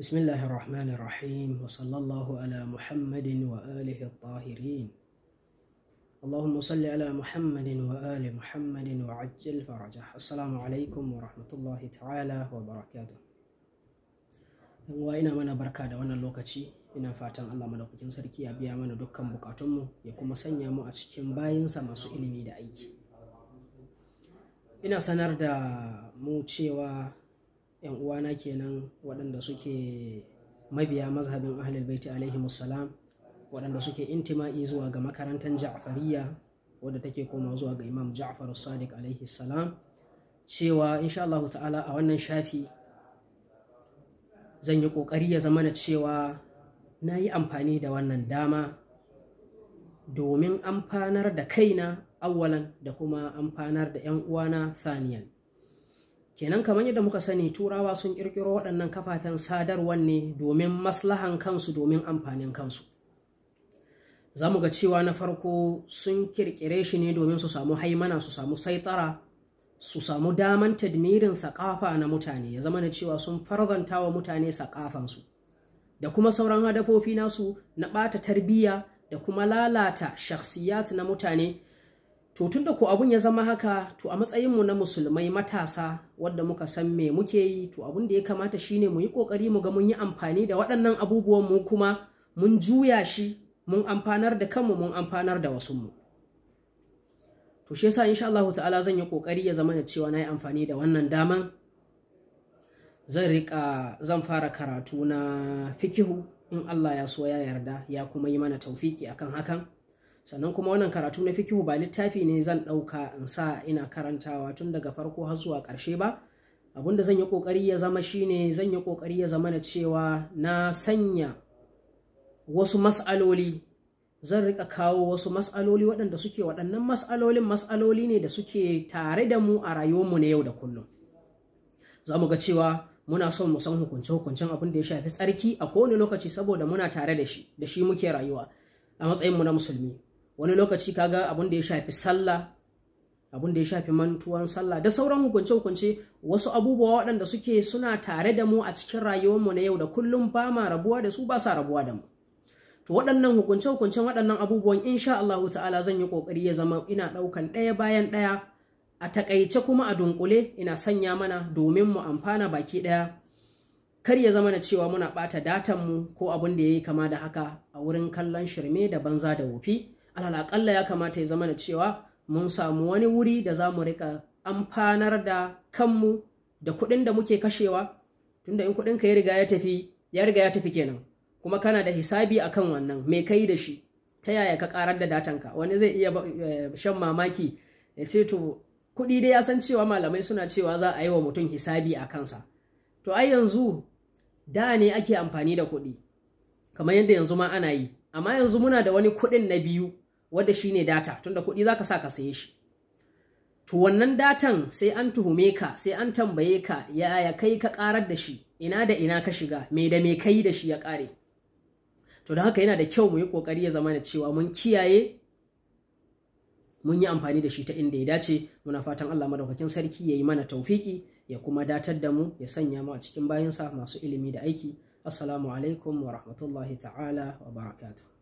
بسم الله الرحمن الرحيم وصلى الله على محمد وآله الطاهرين اللهم صل على محمد وآل محمد وعجل فرجه السلام عليكم ورحمة الله تعالى وبركاته وإنا من بركة وانا لوكتي ina fatan Allah madaukakin sarki ya biya mana dukkan bukatunmu ya kuma sanya mu a cikin bayinsa masu ilimi da aiki ina sanar da mu cewa 'yan uwana kenan waɗanda suke mabiya mazhabin ahlul baiti alaihi musallam waɗanda suke intima'i zuwa ga makarantar ja'fariya wadda take koma zuwa ga imam ja'far sadiq alaihi salam cewa insha Allah ta'ala a wannan shafi zan yi ƙoƙari ya zama na cewa na yi amfani da wannan dama domin amfanar da kaina awwalan da kuma amfanar da 'yan uwana saniyan kenan kamar yadda muka sani turawa sun kirkiro waɗannan kafafen sadarwar ne domin maslahan kansu domin amfanin kansu za mu ga cewa na farko sun kirkire shi ne domin su samu haimana su samu saitara su samu daman tadmirin sakafa na mutane ya zama na cewa sun farzanta wa mutane sakafansu da kuma sauran hadafofi nasu na ɓata tarbiyya da kuma lalata shaksiyat na mutane to tun da ku abun ya zama haka to a matsayinmu na musulmai matasa wadda muka san me muke yi to abun da ya kamata shine mu yi kokari mu ga mun yi amfani da waɗannan abubuwan mu kuma mun juya shi mun amfanar da kanmu mun amfanar da wasu mu to shi yasa insha Allah ta'ala zan yi kokari ya zama da cewa na yi amfani da wannan daman zan rika zan fara karatu na fikihu in Allah ya so ya yarda ya kuma yi mana taufiki akan hakan sannan kuma wannan karatu na fikihu ba littafi ne zan ɗauka in sa ina karantawa tun daga farko har zuwa karshe ba abun da zan yi ƙoƙari ya zama shine zan yi ƙoƙari ya zama na cewa na sanya wasu mas'aloli zan rika kawo wasu mas'aloli waɗanda suke waɗannan mas'alolin mas'aloli ne da suke tare da mu a rayuwarmu na yau da kullum za mu ga cewa muna son mu san hukunce-hukuncen abin da ya shafi tsarki a kowane lokaci saboda muna tare da shi da shi muke rayuwa a matsayin mu na musulmi wani lokaci kaga abun da ya shafi sallah abin da ya shafi mantuwan sallah da sauran hukunce-hukunce wasu abubuwa waɗanda suke suna tare da mu a cikin rayuwar mu na yau da kullum ba ma rabuwa da su ba sa rabuwa da mu to waɗannan hukunce hukunce waɗannan abubuwan insha Allahu ta'ala zan yi ƙoƙari ya zama ina ɗaukan ɗaya bayan ɗaya a takaice kuma a dunkule ina sanya mana domin mu amfana baki ɗaya kar ya zama na cewa muna ɓata mu ko abin da ya yi kama da haka a wurin kallon shirme da banza da wofi alal ya kamata ya zama cewa mun samu wani wuri da za mu rika amfanar da kanmu da kuɗin da muke kashewa tunda in kuɗinka ya riga ya tafi ya riga ya tafi kenan kuma kana da hisabi akan wannan me kai da shi ta yaya ka karar da datan ka? wani zai iya eh, shan mamaki ya ce to kuɗi dai ya san cewa malamai suna cewa za a yi wa mutum hisabi a kansa to ai yanzu da ne ake amfani da kuɗi kamar yadda yanzu ma ana yi amma yanzu muna da wani kuɗin na biyu wadda ne data tunda kuɗi zaka sa ka saye shi to wannan datan sai an tuhume ka sai an tambaye ka yaya kai ka ƙarar da shi ina da ina ka shiga mai da me kai da shi ya ƙare to don haka yana da kyau mu yi kokari ya zama da cewa mun kiyaye mun yi amfani da shi ta inda ya dace muna fatan Allah madaukakin sarki ya yi mana taufiki ya kuma datar da mu ya sanya mu a cikin bayansa masu ilimi da aiki assalamu alaikum wa rahmatullahi ta'ala wa barakatuh